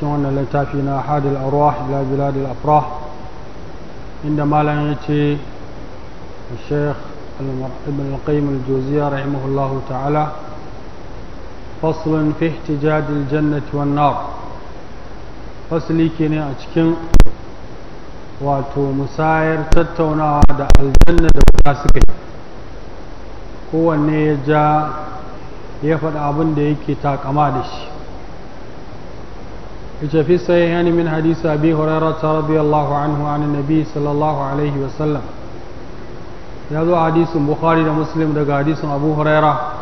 cikin wannan littafi na hadil arwah ila biladil afrah inda malam yace Sheikh Ibn al-Qayyim al-Jawziyya rahimahullahu ta'ala فصل ne a cikin wato musayar tattaunawa da واتو da تتونا دا الجنة دا مناسكي هو نيجا يفد عبن دا يكي تاك أمادش yace fi sai yani min hadisi abi hurairah radiyallahu anhu an nabi sallallahu alaihi wa sallam ya zo hadisin bukhari da muslim daga hadisin abu Allah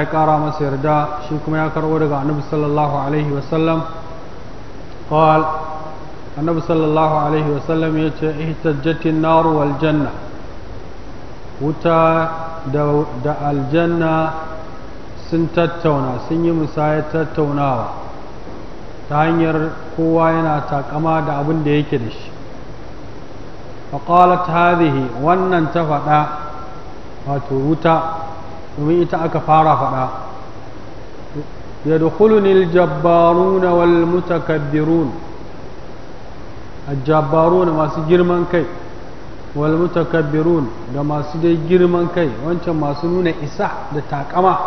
ya kara masa yarda shi kuma ya karbo daga annabi sallallahu alaihi wa sallam qal annabi sallallahu alaihi wa sallam yace ihtajjatin nar wal janna wuta da aljanna sun tattauna sun yi musayar tattaunawa ta hanyar kowa yana takama da abin da yake da shi faƙalat hadhihi wannan ta faɗa wato wuta domin ita aka fara faɗa يدخلني الجبارون والمتكبرون masu girman kai كي والمتكبرون da masu dai girman kai wancan masu nuna isa da takama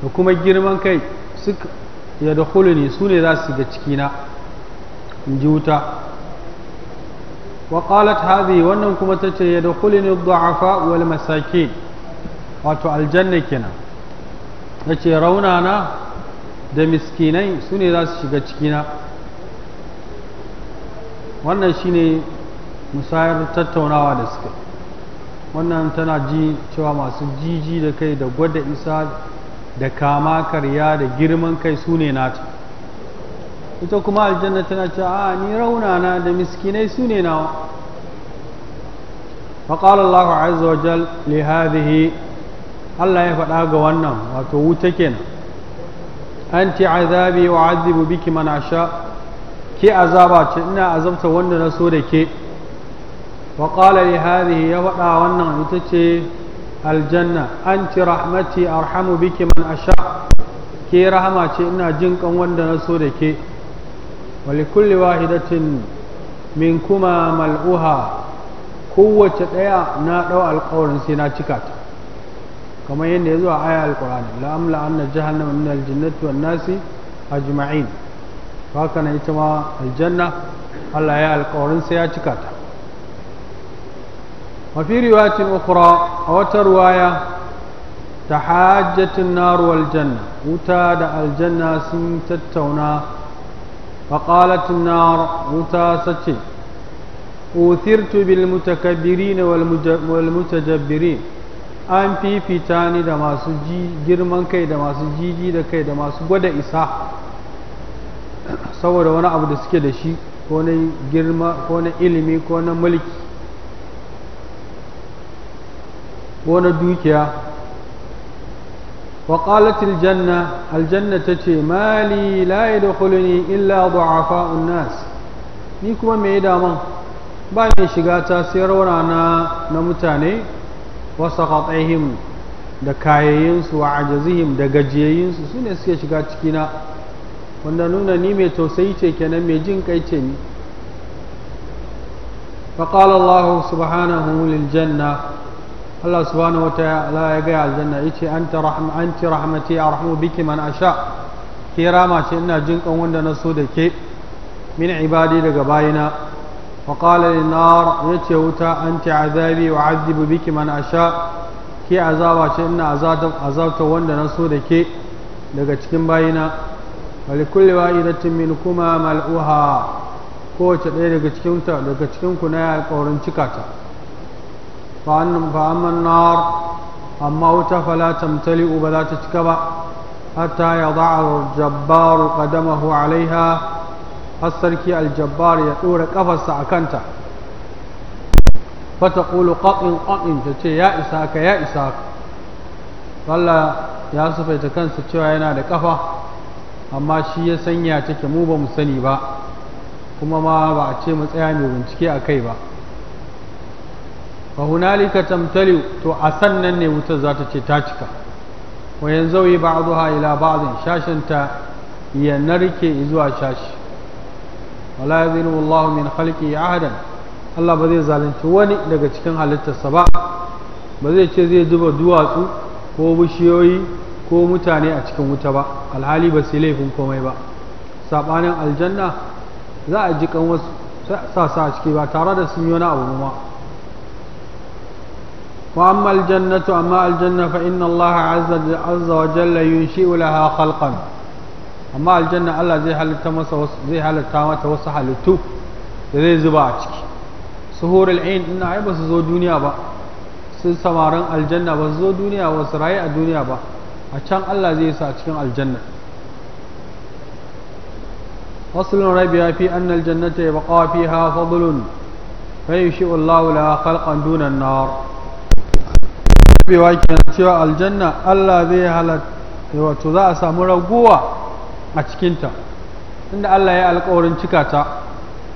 da kuma girman kai ya da ne su ne za su ga cikina in ji wuta wa qalat hadhi wannan kuma ta ce ya da huluni du'afa wal masaki wato aljanna kenan ta ce raunana da miskinai su ne za su shiga cikina wannan shi ne musayar tattaunawa da suka wannan tana ji cewa masu jiji da kai da gwada isa da kama karya da girman kai su ne nata ita kuma aljanna tana ce a ni raunana da miskinai su ne nawa faƙalar Allah azza wa jal li hadhihi Allah ya faɗa ga wannan wato wuta kenan anti azabi wa azibu biki man asha ke azaba ce ina azabta wanda na so da ke waƙalar li hadhihi ya faɗa wannan ita ce aljanna ci rahmati arhamu biki man asha ke rahama ce ina jin kan wanda na so da ke wali kulli wahidatin min kuma mal'uha kowace ɗaya na dau alƙawarin sai na cika ta kamar yadda ya zuwa a aya alƙur'ani la'amla anna jahannama min aljannati wan nasi ajma'in haka na ita ma aljanna Allah ya alƙawarin sai ya cika ta وفي رواية أخرى أو رواية تحاجت النار والجنة وتاد الجنة سنت التونا فقالت النار وتاستي أوثرت بالمتكبرين والمتجبرين an fifita ni da masu girman kai da masu jiji da kai da masu gwada isa saboda wani abu da suke da shi ko ko na ilimi ko na mulki ko na dukiya wa qalat aljanna aljanna tace mali la yadkhuluni illa du'afa'un nas ni kuma me ya daman ba ni shiga ta sai raunana na mutane wa saqatihim da kayayinsu wa ajazihim da gajiyayinsu su ne suke shiga cikina wanda nuna ni mai tausayi ce kenan mai jin kai ce ni فقال الله سبحانه Allah subhanahu wa ta'ala ya gaya aljanna yace anta rahma anti rahmati arhamu biki man asha ke rama ce ina jin wanda na so da ke min ibadi daga bayina wa qala lin nar yace wuta anti azabi wa azibu biki man asha ke azaba ce ina azabta wanda na so da ke daga cikin bayina wa likulli wa'idatin minkuma mal'uha kowace ɗaya daga cikin daga cikin ku na ya kaurin ta. فأما النار أما أوتا فلا تمتلئ ولا تتكبأ حتى يضع الجبار قدمه عليها السركي الجبار يدور قفص أكنت فتقول قطن قطن تتي يا إساك يا إساك قال ya sufaita kansa cewa yana da kafa amma shi ya sanya take mu ba mu sani ba kuma ma ba a ce mu tsaya mai bincike a kai ba fa hunalika tamtali to a sannan ne wutar za ta ce ta cika wa yanzu yi ba'dha ila ba'dhin shashin ta ya narke zuwa shashi wala yazinu Allah min khalqi ahadan Allah ba zai zalunci wani daga cikin halittarsa ba ba zai ce zai zuba duwatsu ko bishiyoyi ko mutane a cikin wuta ba alhali ba sai laifin komai ba saɓanin aljanna za a ji kan wasu sa a ciki ba tare da sun yi wani abu ma واما الجنه اما الجنه فان الله عز عز وجل ينشئ لها خلقا اما الجنه الله زي حالتا مسا زي حالتا مسا وس حالتو زي زبا ciki سهور العين ان اي بس زو دنيا با sun samarin aljanna ba zo duniya ba su rayu a duniya ba a can Allah zai sa cikin aljanna fasulun rabiya fi anna aljannata yabqa fiha fadlun fa yashi'u Allahu la khalqan duna an-nar bewa kenan cewa aljanna Allah zai halatta eh, wato za a samu raguwa a cikinta inda Allah ya alkawarin cika ta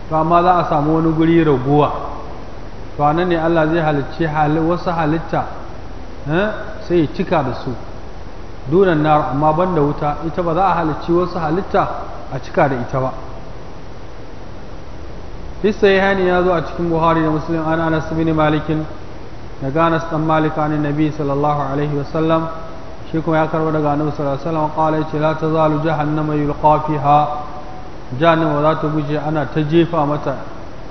to amma za a samu wani guri raguwa to nan ne Allah zai halicci wasu halitta eh, sai ya cika da su dunan nar amma banda wuta ita ba za a halicci wasu halitta a cika da ita ba fi hani ya zo a cikin buhari da muslim an anas bin malikin daga Anas dan Malik Nabi sallallahu alaihi wasallam shi kuma ya karba daga Annabi sallallahu alaihi wasallam qala yace la tazalu jahannama yulqa fiha jahannama za ta guje ana ta jefa mata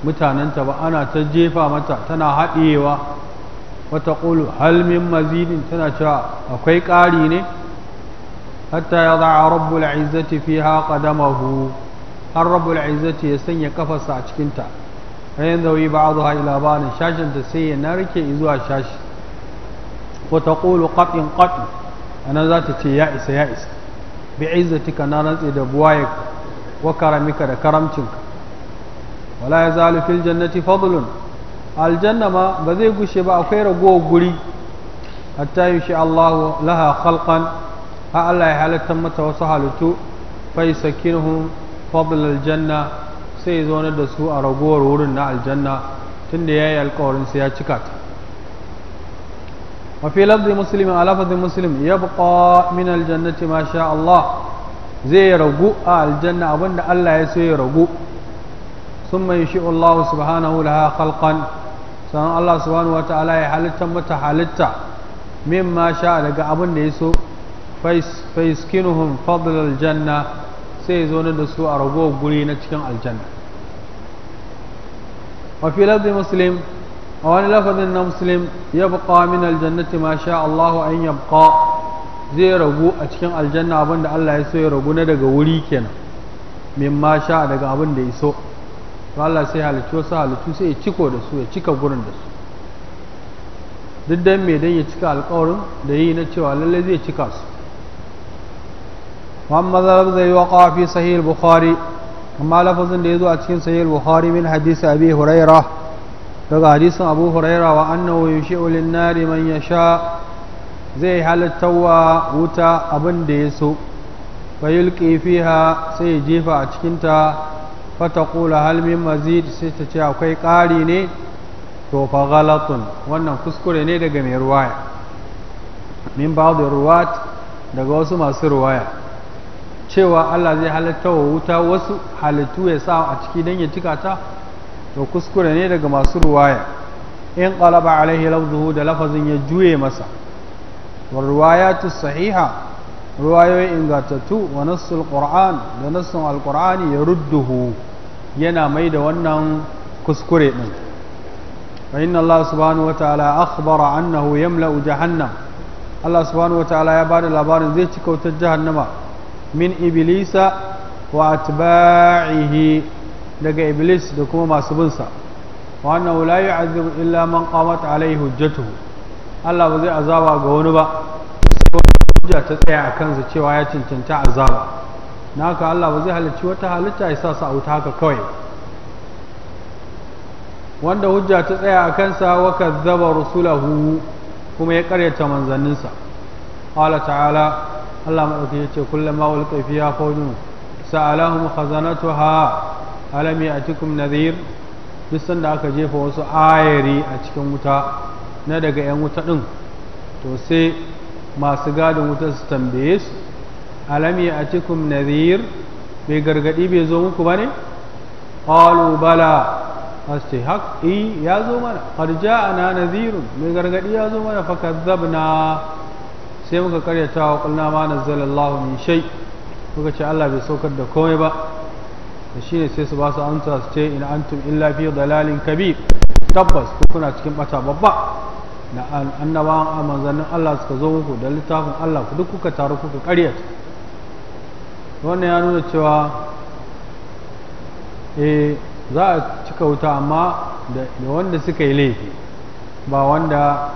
mutanenta ba ana ta jefa mata tana haɗiyewa wata ƙulu halmin mazidin tana cewa akwai ƙari ne hatta ya za a rabbul izzati fi ha har rabbul izzati ya sanya kafarsa a cikinta rayin zawi ba'dha ila ba'd shashin ta sai ya narke zuwa shashi wa taqulu qatin qatin anan za ta ce ya isa ya isa bi izzatika na rantsi da buwayaka wa karamika da karamcinka wala yazalu fil jannati fadlun aljanna ma ba zai gushe ba akwai ragowar guri hatta yushi Allah laha khalqan ha Allah ya halatta mata wasu halittu fa yusakinuhum fadl aljanna sai ya da su a ragowar wurin na aljanna tunda ya yi alkawarin sai ya cika ta mafi lafzin muslim a lafazin muslim ya buƙa min aljannati ma sha Allah zai ragu a aljanna abinda Allah ya so ya ragu sun mai shi Allah subhanahu laha khalqan sannan Allah subhanahu wa ta'ala ya halitta mata halitta min ma sha daga abin da ya so faiskinuhum fadlal janna sai ya zo da su a ragowar guri na cikin aljanna fi lafzi muslim a wani lafazin na muslim ya buƙa min aljannati ma sha Allahu an yabqa zai ragu a cikin aljanna abin Allah ya so ya ragu na daga wuri kenan min ma sha daga abin da ya so to Allah sai halittu wasu halittu sai ya ciko da su ya cika gurin da su duk dan me dan ya cika alƙawarin da yi na cewa lallai zai cika su muhammad zarar zai waka fi bukhari amma lafazin da ya zo a cikin sahih bukhari min hadisi abi huraira daga hadisin abu huraira wa annahu yushi'u lin-nari man yasha zai halatta wa wuta abinda ya so fa yulqi fiha sai ya jefa a cikin ta fataƙula halmin mazid sai ta ce akwai ƙari ne to fa galatun wannan kuskure ne daga mai ruwaya min ba ruwat daga wasu masu ruwaya cewa Allah zai halatta wa wuta wasu halittu ya sa a ciki don ya cika ta to kuskure ne daga masu ruwaya in qalaba alaihi lafzuhu da lafazin ya juye masa wa ruwayatu sahiha ruwayoyi ingantattu wa nassul qur'an da nassun alqur'ani ya rudduhu yana mai da wannan kuskure ɗin. fa inna Allah subhanahu wa ta'ala akhbara annahu yamla'u jahannam Allah subhanahu wa ta'ala ya bada labarin zai cika wutar jahannama min iblisa wa atba'ihi daga iblis da kuma masu binsa wa annahu la yu'adhibu illa man qamat alayhi hujjatuhu Allah ba zai azaba ga wani ba hujja ta tsaya a kansa cewa ya cancanta azaba naka Allah ba zai halicci wata halitta ya sa su a wuta haka kawai wanda hujja ta tsaya a kansa wa kadzaba rusulahu kuma ya karyata manzanninsa qala ta'ala Allah maɗauki ya ce kullum ma wani ƙafi ya faunu sa'alahum khazanatuha alami atikum nadhir duk sanda aka jefa wasu ayari a cikin wuta na daga 'yan wuta ɗin to sai masu gadin wuta su tambaye su alami atikum nadhir bai gargaɗi bai zo muku bane ne qalu bala ce haƙi ya zo mana qad ja'ana nadhirun mai gargaɗi ya zo mana fakadzabna sai muka karyata wa kulna ma nazzalallahu min shay muka ce Allah bai saukar da komai ba da shine sai su ba su amsa su ce in antum illa fi dalalin kabir tabbas ku kuna cikin bata babba da annabawan amanzanin Allah suka zo muku da littafin Allah ku duk kuka taru kuka karyata wannan ya nuna cewa eh za a cika wuta amma da wanda suka yi laifi ba wanda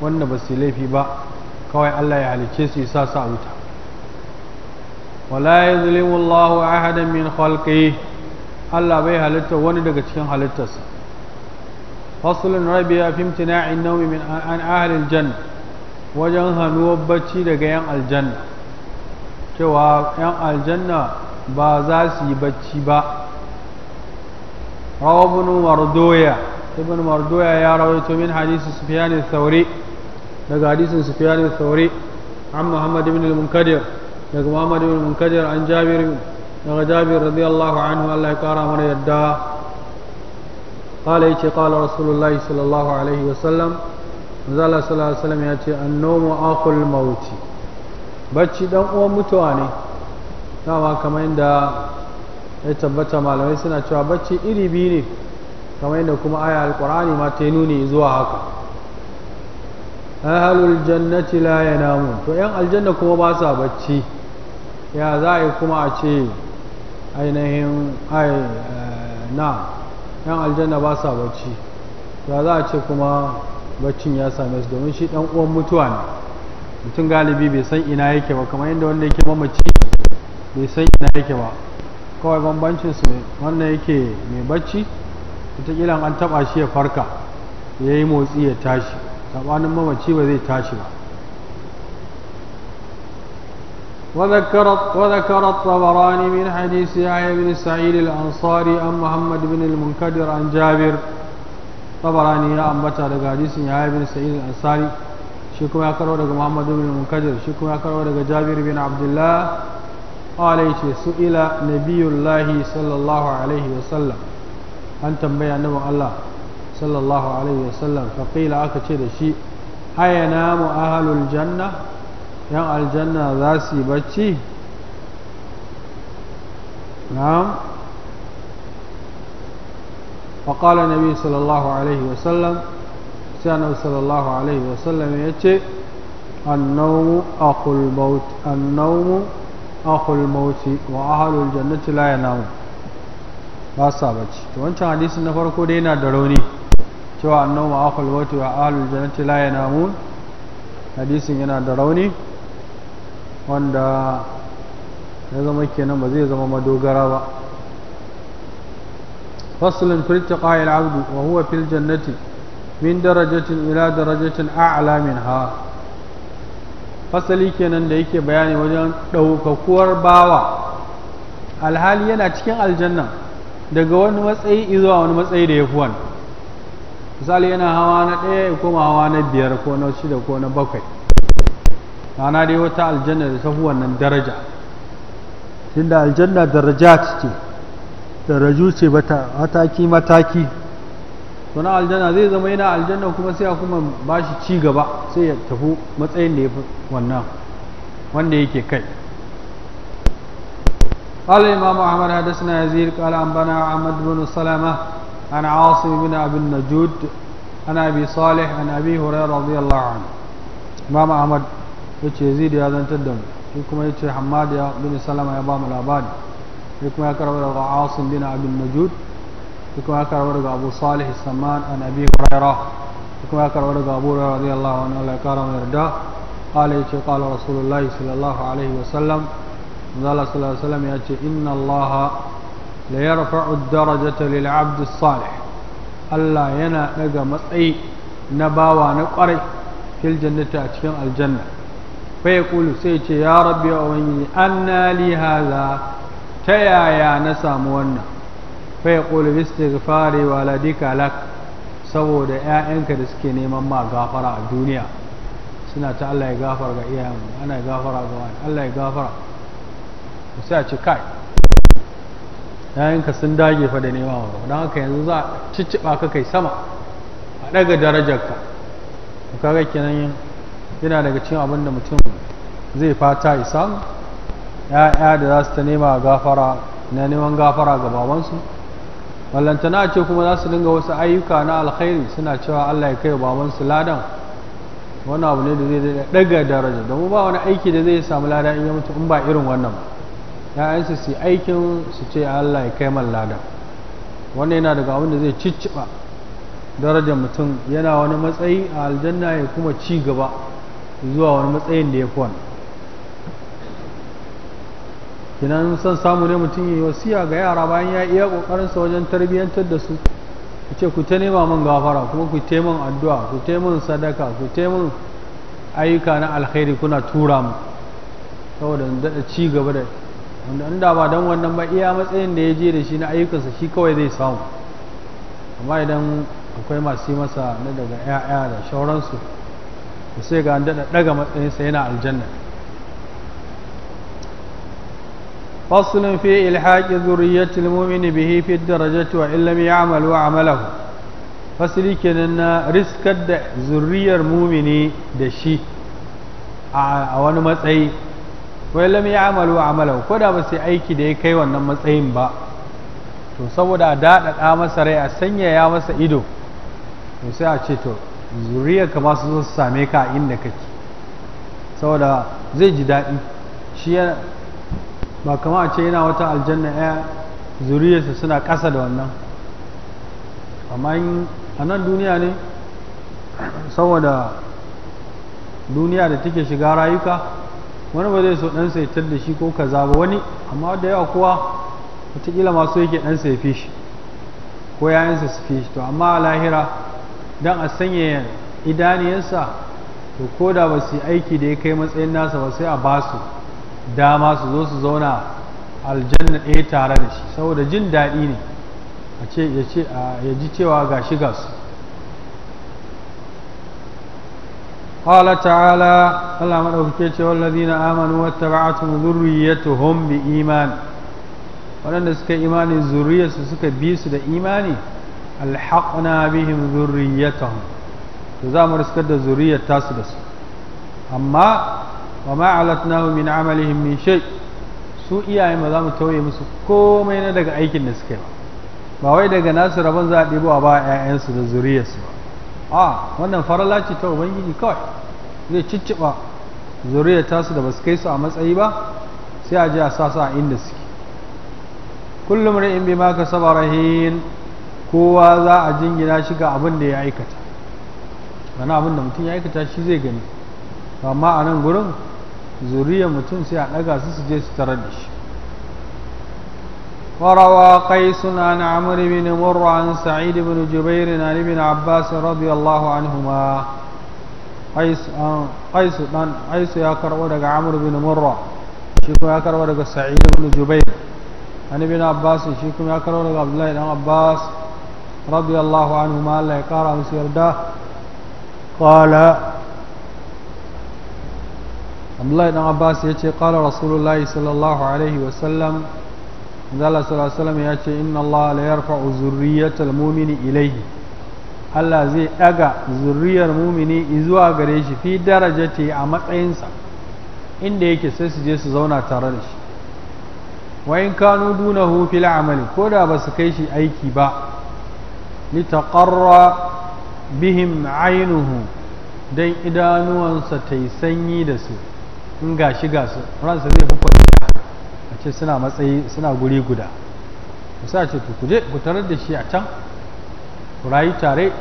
wanda ba su laifi ba kawai Allah ya halice su isa sa wuta wala yazlimu Allahu ahadan min khalqihi Allah bai halitta wani daga cikin halittarsa faslun rabiya fi imtina'in nawmi min an ahli aljanna wajen hanuwar bacci daga yan aljanna cewa yan aljanna ba za su yi bacci ba rawa ibn ibn mardoya ya rawaito min hadisi sufiyani al daga hadisin sufyan al-thawri an muhammad ibn al-munkadir daga muhammad ibn al-munkadir an jabir daga jabir radiyallahu anhu Allah ya kara mana yadda قال يجي قال رسول sallallahu صلى wa sallam. وسلم zala sallallahu alaihi ya ce annomu akul mauti bacci dan uwan mutuwa ne dama kamar yadda ya tabbata malamai suna cewa bacci iri biyu ne kamar yadda kuma aya alqur'ani ma ta nuni zuwa haka ahalul jannati la yanamun to yan aljanna kuma ba sa bacci ya za a yi kuma a ce ainihin ai eh, na yan aljanna ba sa bacci ya za a ce kuma baccin ya same su domin shi dan uwan mutuwa ne mutum galibi bai san ina yake ba kamar yadda wanda yake mamaci bai san ina yake ba kawai bambancin su wannan yake mai bacci kilan an taba shi ya farka ya yi motsi ya tashi sabanin mamaci ba zai tashi ba وذكر وذكر الطبراني من حديث يحيى بن سعيد الأنصاري عن محمد بن المنكدر عن جابر طبراني يا daga hadisin Yahya bin shi kuma ya daga Muhammad bin shi kuma ya karo daga Jabir bin Abdullah qala yace su'ila nabiyullah sallallahu alaihi wa sallam an tambaya annabi Allah sallallahu alaihi wasallam faƙila aka ce da shi aya namu ahalul janna yan aljanna za su yi bacci na'am فقال النبي صلى الله عليه وسلم سيدنا صلى الله عليه وسلم يتي النوم أخو الموت النوم أخو الموت وأهل الجنة لا ينام ba sa bacci to wancan hadisin na farko dai yana da rauni cewa annabi wa akhul wati wa ahlul jannati la yanamun hadisin yana da rauni wanda ya zama kenan ba zai zama madogara ba faslun fil tiqa'il abdu wa huwa fil jannati min darajatin ila darajatin a'la ha. fasali kenan da yake bayani wajen ɗaukakuwar bawa alhali yana cikin aljanna daga wani matsayi zuwa wani matsayi da ya fi wani misali yana hawa na ɗaya ya koma hawa na biyar ko na shida ko na bakwai na dai wata aljanna da tafi wannan daraja tunda aljanna daraja ce daraju ce bata mataki mataki wani aljanna zai zama yana aljanna kuma sai a kuma ba shi ci gaba sai ya tafi matsayin da ya fi wannan wanda yake kai قال الإمام أحمد حدثنا يزيد قال أنبنا عمد بن سلمة عن عاصم بن أبي النجود عن أبي صالح عن أبي هريرة رضي الله عنه إمام أحمد يتشي يزيد يا ذن تدم يكما يتشي حماد بن سلمة يا بام الأباد يكما يكرر عاصم بن أبي النجود يكما يكرر أبو صالح السمان عن أبي هريرة يكما يكرر أبو هريرة رضي الله عنه الله يكرم يرضاه قال يتشي قال رسول الله صلى الله عليه وسلم قال صلى الله عليه وسلم يتشي إن الله ليرفع الدرجة للعبد الصالح الله ينا نجا مصعي نباوى نقري في الجنة أتكين الجنة فيقول سيتي يا ربي أويني أنا لي هذا تيا يا نسام ونا فيقول باستغفار والدك لك saboda 'ya'yanka da suke neman ma gafara a duniya suna ta Allah ya gafara ga iyayenmu ana ya gafara ga wani Allah ya gafara sai a ce kai yayanka sun dage fa da nema wa don haka yanzu za a cicciɓa ka kai sama a ɗaga darajarka ga kenan yana daga cikin abin da mutum zai fata ya samu ya'ya da za su ta nema gafara na neman gafara ga babansu ballantana ce kuma za su dinga wasu ayyuka na alkhairi suna cewa allah ya kai babansu ladan wani abu ne da zai daga daraja domin ba wani aiki da zai samu lada in ya mutu in ba irin wannan ba ya'yansu su aikin su ce Allah ya kai lada wannan yana daga abin da zai cicciba darajar mutum yana wani matsayi a aljanna ya kuma ci gaba zuwa wani matsayin da ya fi wani kinan son samu ne mutum ya yi wasiya ga yara bayan ya iya sa wajen tarbiyyantar da su ku ce ku ta nema min gafara kuma ku ta min addu'a ku ta min sadaka ku ta min ayyuka na alkhairi kuna tura mu saboda ci gaba da wanda inda ba don wannan ba iya matsayin da ya je da shi na ayyukansa shi kawai zai samu amma idan akwai masu yi masa na daga 'ya'ya da shauransu da sai ga daɗa ɗaga matsayinsa yana aljanna fasulun fi ilhaƙi zuriyyatul mumini bihi fi darajati wa illam ya'mal wa amalahu fasili kenan na riskar da zuriyar mumini da shi a wani matsayi wai lam ya'malu amalan ko da ba sai aiki da ya kai wannan matsayin ba to saboda a daɗaɗa masa rai a sanyaya masa ido to sai a ce to zuriya ka su zo su same ka inda kake saboda zai ji daɗi shi ya ba kama a ce yana wata aljanna ya zuriyarsa suna ƙasa da wannan amma a nan duniya ne saboda duniya da take shiga rayuka wani ba zai so ɗan sai tar da shi ko kaza ba wani amma da yawa kowa wataƙila masu yake ɗan sai fi shi ko yayansa su fi shi to amma a lahira don a sanya idaniyarsa to ko da ba su yi aiki da ya kai matsayin nasa ba sai a ba su dama su zo su zauna aljanna ɗaya tare da shi saboda jin daɗi ne a ce ya ji cewa ga shi ga su qala ta'ala Allah madaukake ce wallazina amanu wattaba'atuhum dhurriyyatuhum bi iman waɗanda suka imani zuriyarsu suka bi su da imani alhaqna bihim zurriyatahum to za mu riskar da zuriyar tasu da su amma wa ma alatnahu min amalihim min shay su iyaye ba za mu tauye musu komai na daga aikin da suka yi ba wai daga nasu rabon za a ɗibo a bawa 'ya'yansu da zuriyarsu ba a ah, wannan farala ce ta ubangiji kawai zai cicciɓa zuriya tasu da ba su kai su a matsayi ba sai a ji a sa su a inda suke kullum in bi ma kasaba rahin kowa za a jingina shi ga abin da ya aikata wani abin da mutum ya aikata shi zai gani amma a nan gurin zuriya mutum sai a ɗaga su su je su tarar da shi وروى قيس عن عمرو بن مر عن سعيد بن جبير عن ابن عباس رضي الله عنهما قيس آه، قيس قيس يا كرو عمرو بن مر shi يا ya سعيد بن جبير عن ابن عباس shi يا ya عبد الله بن عباس رضي الله عنهما الله يقرأ مسيرده قال عبد الله بن عباس يقول قال رسول الله صلى الله عليه وسلم Allah sallallahu alaihi ya ce inna Allah la yarfa'u zurriyatal mu'mini ilayhi Allah zai daga zurriyar mumini zuwa gare shi fi darajati a matsayinsa inda yake sai su je su zauna tare da shi wa in kanu dunahu fil amali ko da ba su kai shi aiki ba li taqarra bihim aynuhu dan idanuwansa tai sanyi da su in gashi gasu ransa zai fi ce suna matsayi suna guri guda sa ce ku je ku tarar da shi a can ku rayu tare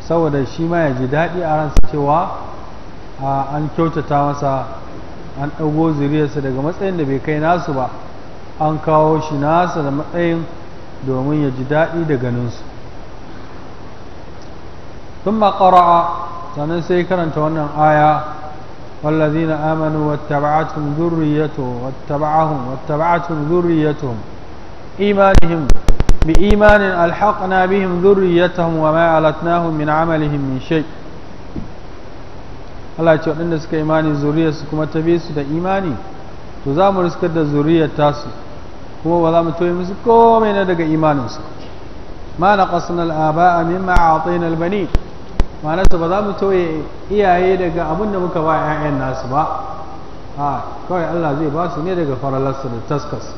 saboda shi ma ya ji daɗi a ransa cewa an kyautata masa an ɗago zuriyarsa daga matsayin da bai kai nasu ba an kawo shi nasa da matsayin domin ya ji daɗi da ganinsu sun maƙara'a sannan sai karanta wannan aya والذين آمنوا واتبعتهم ذريتهم واتبعهم واتبعتهم ذريتهم إيمانهم بإيمان ألحقنا بهم ذريتهم وما ألتناهم من عملهم من شيء Allah ce waɗanda suka imani zuriyarsu kuma ta bi da imani to za mu riskar da zuriyar tasu kuma ba za mu musu komai na daga imaninsu ma na aba'a mimma a bani ma'ana ba za mu toye iyaye daga abunda da muka bayan ayyan nasu ba kawai Allah zai ba su ne daga faralarsu da taskas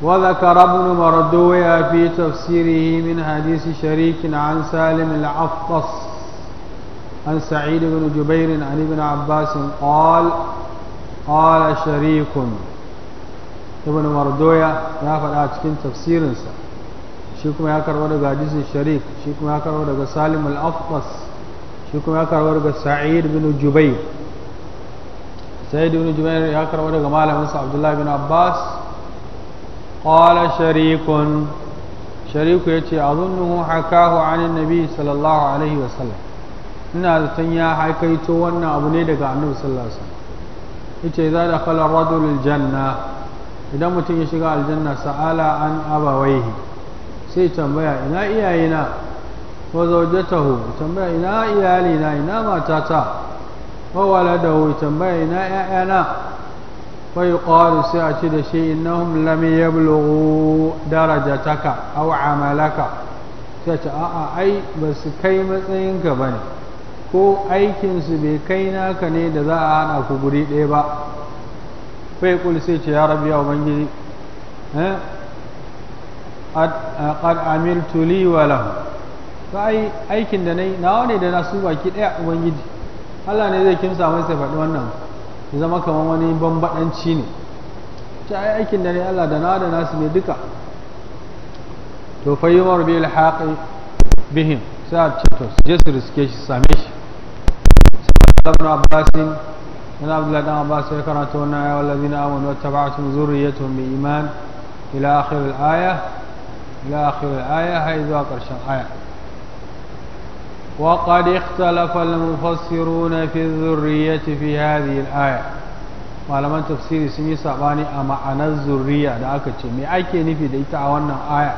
wadda ka rabu numara dowa ya fi tafsiri min hadisi shariki na an salim la'afkas an sa'i da wani jubairin a all all shariki kun mardoya ya faɗa cikin tafsirinsa shi kuma ya karbo daga hadisin sharif shi kuma ya karbo daga salim al-afqas shi kuma ya karbo daga sa'id bin jubair sa'id bin jubair ya karbo daga malamin sa abdullah bin abbas qala sharikun shariku yace azunnuhu hakahu anin nabi sallallahu alaihi wa sallam ina zaton ya haikaito wannan abu ne daga annabi sallallahu alaihi wasallam yace za da khala rajulul janna idan mutum ya shiga aljanna sa'ala an abawaihi sai tambaya ina iyayena wa zawjatahu tambaya ina iyalina ina matata wa waladahu tambaya ina ƴaƴana fa yuqalu sai a ce da shi innahum lam yablughu darajataka aw amalaka sai ce a'a ai ba su kai matsayinka ba ne. ko aikinsu bai kai naka ne da za a hana ku guri ɗaya ba fa yaqul sai ce ya rabbi ya ubangiji eh, qad amiltu li wa lahu to ai aikin da nayi nawa ne da na su baki daya ubangiji Allah ne zai kimsa sai faɗi wannan ya zama kamar wani bambadanci ne ta ai aikin da nayi Allah da nawa da nasu ne duka to fa yumar bil haqi bihim sai ce to je su riske shi same shi ibn abbas من عبد الله بن عباس ذكرت والذين امنوا واتبعتهم ذريتهم بايمان الى اخر الايه إلى آخر الآية هاي ذاك الآية وقد اختلف المفسرون في الذرية في هذه الآية malaman tafsiri sun yi sabani a ma'anar zurriya da aka ce me ake nufi da ita a wannan aya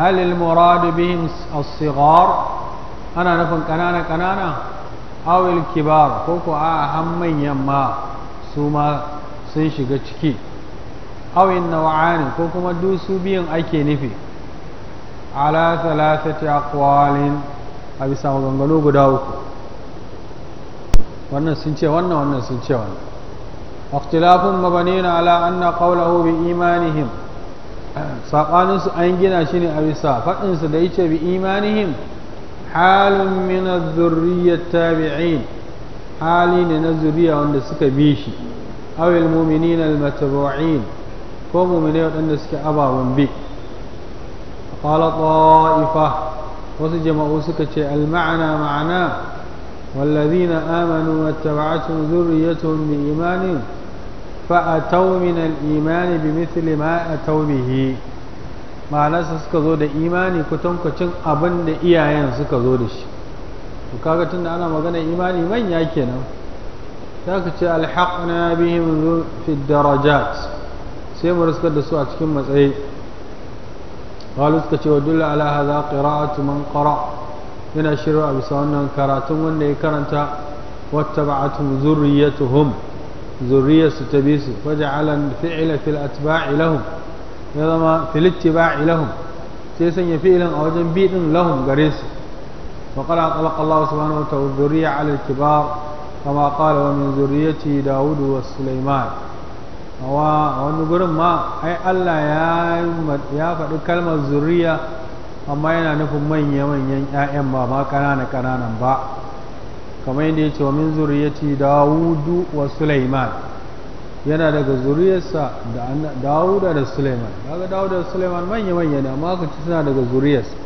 halil muradu bihim as-sighar ana nufin kanana kanana awil kibar ko ko a han manyan ma su ma sun shiga ciki awin nawa'ani ko kuma dusu su biyun ake nufi ala thalathati aqwalin a bisa maganganu guda uku wannan sun ce wannan wannan sun ce wannan ikhtilafun mabanina ala anna qawluhu bi imanihim sabanin su an gina shi ne a bisa fadin su da yace bi imanihim halun min adh-dhurriyyat tabi'in hali ne na zuriya wanda suka bi shi awil mu'minina al ko mumine waɗanda suke ababen bi qala ta'ifa wasu jama'u suka ce al ma'ana ma'ana والذين آمنوا واتبعتهم ذريتهم بإيمان فأتوا من الإيمان بمثل ما أتوا به ma'ana su suka zo da imani kwatankwacin abin da iyayen suka zo da shi to kaga tunda ana magana imani manya kenan za ka ce alhaqna bihim fi darajat sai mu riskar da su a cikin matsayi qalu suka ce wa dulla ala hadha qira'atu man qara yana shirya a bisa wannan karatun wanda ya karanta wattaba'atuhum zurriyatuhum zurriyarsu ta bi su waja'ala fi'ila fil atba'i lahum ya zama fil ittiba'i lahum sai sanya fi'ilin a wajen bi din lahum gare su وقال أطلق الله سبحانه وتعالى الذرية على الكبار كما قال ومن ذريته داود وسليمان wa a wani gurin ma ai Allah ya faɗi kalmar zuriya amma yana nufin manya-manyan 'ya'yan ba ma ƙananan-ƙananan ba kamar yadda ya ce wa min zuriyati dawudu wa sulaiman yana daga zuriyarsa da dawuda da sulaiman daga dawuda da sulaiman manya-manya ne amma aka ci suna daga zuriyarsa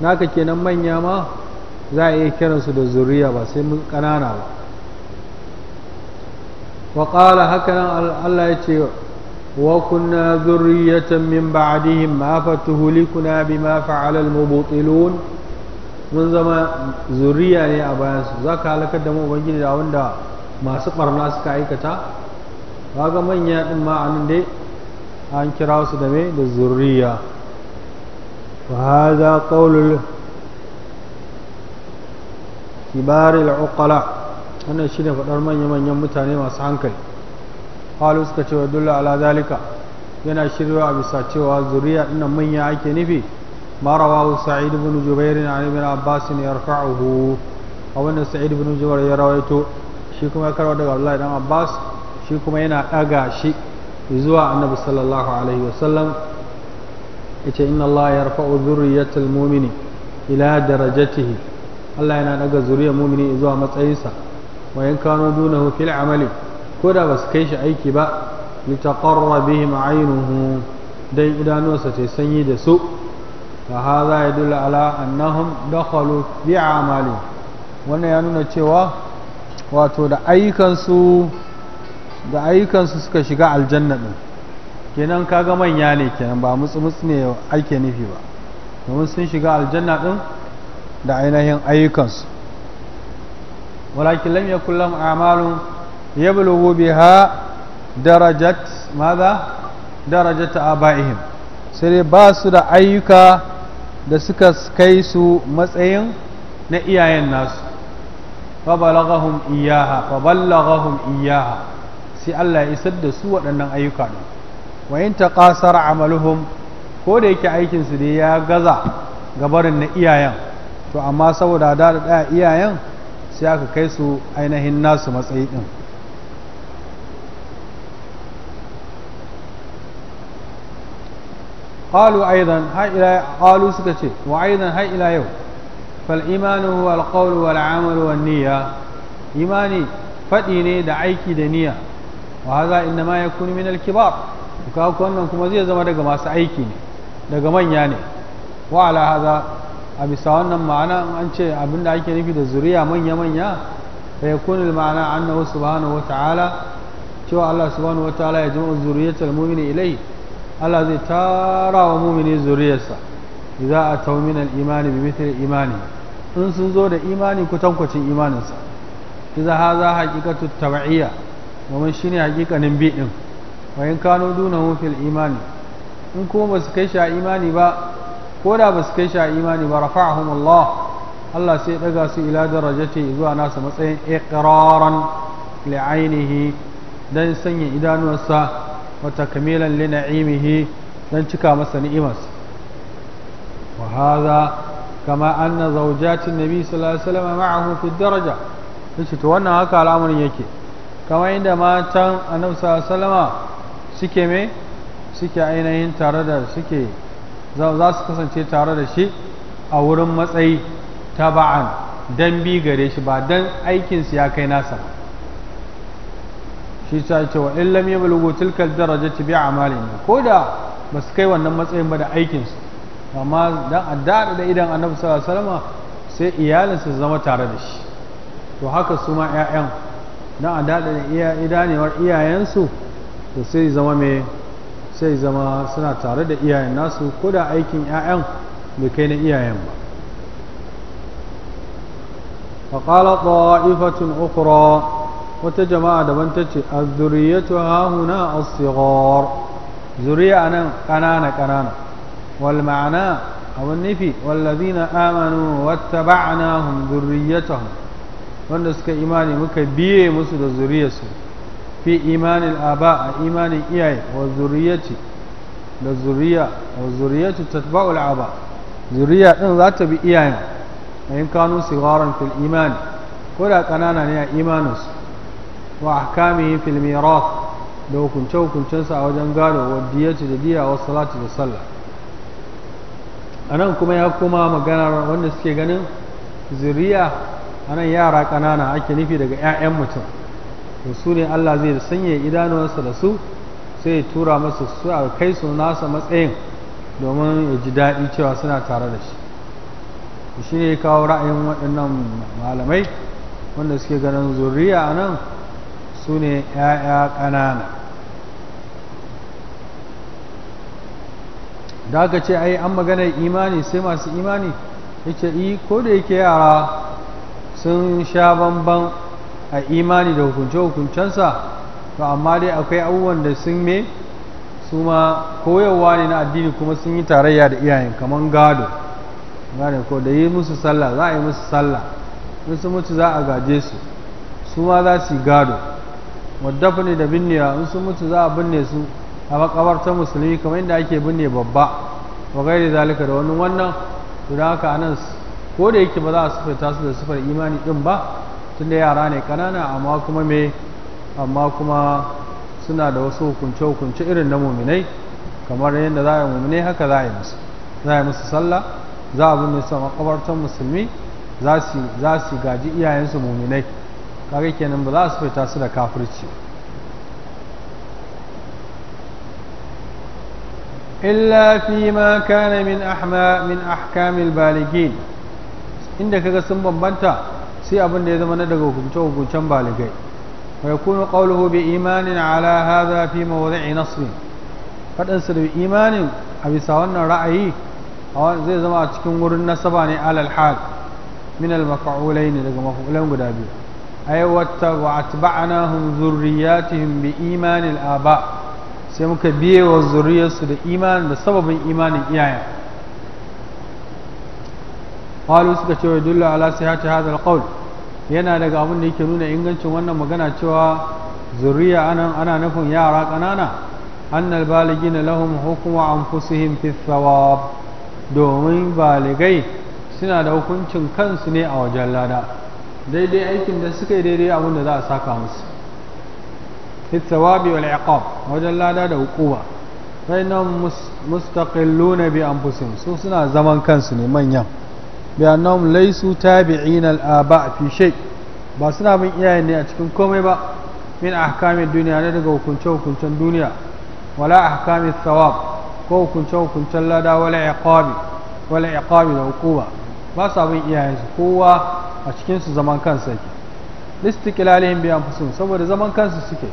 naka kenan manya ma za a iya kiransu da zuriya ba sai mun ƙanana ba wa qala hakanan Allah ya ce wa kunna zurriyatan min ba'dihim ma fatuhulikuna bima fa'ala al-mubtilun mun zama zuriya ne a bayan su zaka halakar da mu ubangiji da wanda masu ɓarna suka aikata kaga manya din ma anan dai an kira su da me da zurriya wa hadha qawlul kibar al-uqala wannan shine faɗar manya-manyan mutane masu hankali halu suka cewa dole ala zalika yana shirwa a bisa cewa zuriya dinnan manya ake nufi marawa rawahu sa'id ibn jubair an ibn abbas yarfa'uhu a wannan sa'id ibn jubair ya rawaito shi kuma ya karwa daga Abdullahi dan Abbas shi kuma yana daga shi zuwa Annabi sallallahu alaihi wasallam yace inna Allah yarfa'u dhurriyyatal mu'mini ila darajatihi Allah yana daga zuriyar mu'mini zuwa matsayinsa wa in kanu dunahu fil amali ko da basu kai shi aiki ba litaqarra bihim aynuhu dan idanuwarsa ta sanyi da su fa hadha yadullu ala annahum dakhalu bi amali wannan ya nuna cewa wato da ayyukansu da ayyukansu suka shiga aljanna din kenan kaga manya ne kenan ba mutsumutsu ne ake nufi ba domin sun shiga aljanna din da ainihin ayyukansu ولكن لم يكن لهم أعمال يبلغ بها درجة ماذا درجة آبائهم su da ayyuka da suka kai su matsayin na iyayen nasu fabalagahum iyaha fabalagahum iyaha sai Allah ya isar da su waɗannan ayyuka ɗin wa in ƙasar amaluhum ko da yake aikin su ya gaza gabarin na iyayen to amma saboda da da iyayen sai aka kai su ainihin nasu matsayi ɗin قالوا أيضا هاي إلى قالوا سكتي وأيضا هاي إلى يوم فالإيمان هو القول والعمل والنية إيماني فديني دعيكي دنية وهذا إنما يكون من الكبار وكاو كونكم زي زما daga masu aiki ne daga manya ne wa ala hada a bisa wannan ma'ana an ce abin da ake nufi da zuriya manya-manya fa yakunu ma'ana annahu subhanahu wa ta'ala cewa Allah subhanahu wa ya jama'a zuriyatul mu'mini ilai Allah zai tara wa mu'mini zuriyarsa idza ataw min al-iman bi mithli imani in sun zo da imani kutankwacin imaninsa idza haza haqiqatu tab'iyya domin shine haqiqanin bi din wa in kanu dunahu fil imani in kuma ba su kai shi a imani ba ko da ba su kai shi a imani ba rafa'ahum Allah Allah sai daga su ila darajati zuwa nasu matsayin iqraran li'ainihi dan sanya idanuwarsa wa takmilan li na'imihi dan cika masa ni'imarsa wa hadha kama anna zawjatin nabi sallallahu alaihi wasallam ma'ahu fi daraja yace to wannan haka al'amarin yake kama inda matan annabi sallallahu alaihi wasallama suke me suke ainihin tare da suke za su kasance tare da shi a wurin matsayi ba'an dan bi gare shi ba dan aikinsu ya kai nasa shi ta ce wa in lam daraja ta biya bi a'malihim ko da ba su kai wannan matsayin ba da aikinsu amma dan addada da idan annabi sallallahu alaihi sai iyalinsa zama tare da shi to haka su ma 'ya'yan dan addada da idanewar iyayensu to sai zama mai sai zama suna tare da iyayen nasu ko da aikin 'ya'yan bai kai na iyayen ba faƙala ta'ifatun ukura wata jama'a daban ta ce a zuriyatu hahuna a sigar zuriya nan ƙanana ƙanana wal ma'ana abin nufi wallazina amanu wata ba'ana hun zuriyatahun wanda suka imani muka biye musu da zuriyarsu fi imanin aba a imanin iyaye wa zuriyati da zuriya wa aba zuriya din za ta bi iyayen in kanu sigaran fil imani ko da kanana ne a imaninsu wa ahkamihi fil mirath da hukunce hukuncensa a wajen gado wa diyati da diya wa salati da sallah anan kuma ya kuma maganar wanda suke ganin zuriya anan yara kanana ake nufi daga 'ya'yan mutum to su ne Allah zai sanya idanuwansa da su sai ya tura masu su a kai su nasa matsayin domin ya ji daɗi cewa suna tare da shi shi ne kawo ra'ayin waɗannan malamai wanda suke ganin zuriya a nan su ne 'ya'ya ƙanana da aka ce ai an magana imani sai masu imani yake yi ko da yake yara sun sha bamban a imani da hukunce-hukuncensa to amma dai akwai abubuwan da sun me su ma koyarwa ne na addini kuma sun yi tarayya da iyayen kamar gado gado ko da yi musu sallah za a yi musu sallah in sun mutu za a gaje su su ma za su yi gado wadafa ne da binnewa in sun mutu za a binne su a makabartar musulmi kamar inda ake binne babba wa gairi zalika da wani wannan to da haka anan ko da yake ba za a sufaita su da sufar imani din ba tunda yara ne kanana amma kuma me amma kuma suna da wasu hukunce-hukunce irin na muminai kamar yadda za a yi muminai haka za a yi musu za a yi musu sallah za a binne su a makabartar musulmi za su gaji iyayensu muminai kaga kenan ba za su fita su da kafirci illa fi ma kana min ahma ahkamil baligin inda kaga sun bambanta sai abin da ya zama na daga hukunce hukuncen baligai wa yakunu qawluhu bi imanin ala hadha fi mawdi'i nasr fadan su da imanin a bisa wannan ra'ayi zai zama a cikin wurin nasaba ne alal hal min al ne daga maf'ulan guda biyu ay wa atba'nahum zurriyatihim bi imanin aba sai muka biye wa zuriyarsu da imanin da sababin imanin iyayen قالوا سكتوا يدل على صحة هذا القول yana daga abin da yake nuna ingancin wannan magana cewa zuriya anan ana nufin yara ƙanana annal baligin lahum hukuma anfusihim fi thawab domin baligai suna da hukuncin kansu ne a wajen lada daidai aikin da suka yi daidai abin da za a saka musu fi thawab wal iqab wajen lada da hukuma fa innahum mustaqilluna bi anfusihim su suna zaman kansu ne manyan bi laisu laysu tabi'in al fi shay ba suna bin iyaye ne a cikin komai ba min ahkamin duniya ne daga hukunce hukuncen duniya wala ahkamin thawab ko hukunce hukuncen lada wala iqabi wala iqabi da hukuma ba sa bin iyayensu kowa a cikin su zaman kansa yake listiqlalihim bi anfusihim saboda zaman kansu suke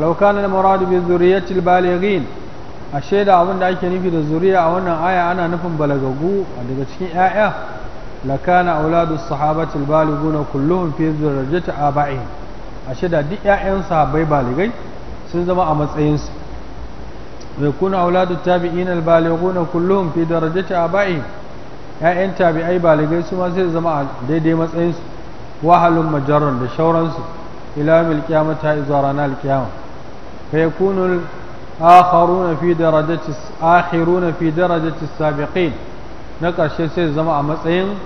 law kana al-murad bi dhurriyyati al-balighin a shaida abin da ake nufi da zuriya a wannan aya ana nufin balagagu daga cikin 'ya'ya lakana auladu sahabati albaliguna kulluhum fi darajati aba'i a shaida duk 'ya'yan sahabbai baligai sun zama a matsayin su wa yakuna auladu tabi'in albaliguna kulluhum fi darajati aba'i 'ya'yan tabi'ai baligai su ma sai zama a daidai matsayin su wahalun majarrun da shauransu ila mil qiyamata izarana al qiyamah fa yakunu akharuna fi darajati akhiruna fi darajati sabiqin na ƙarshe sai zama a matsayin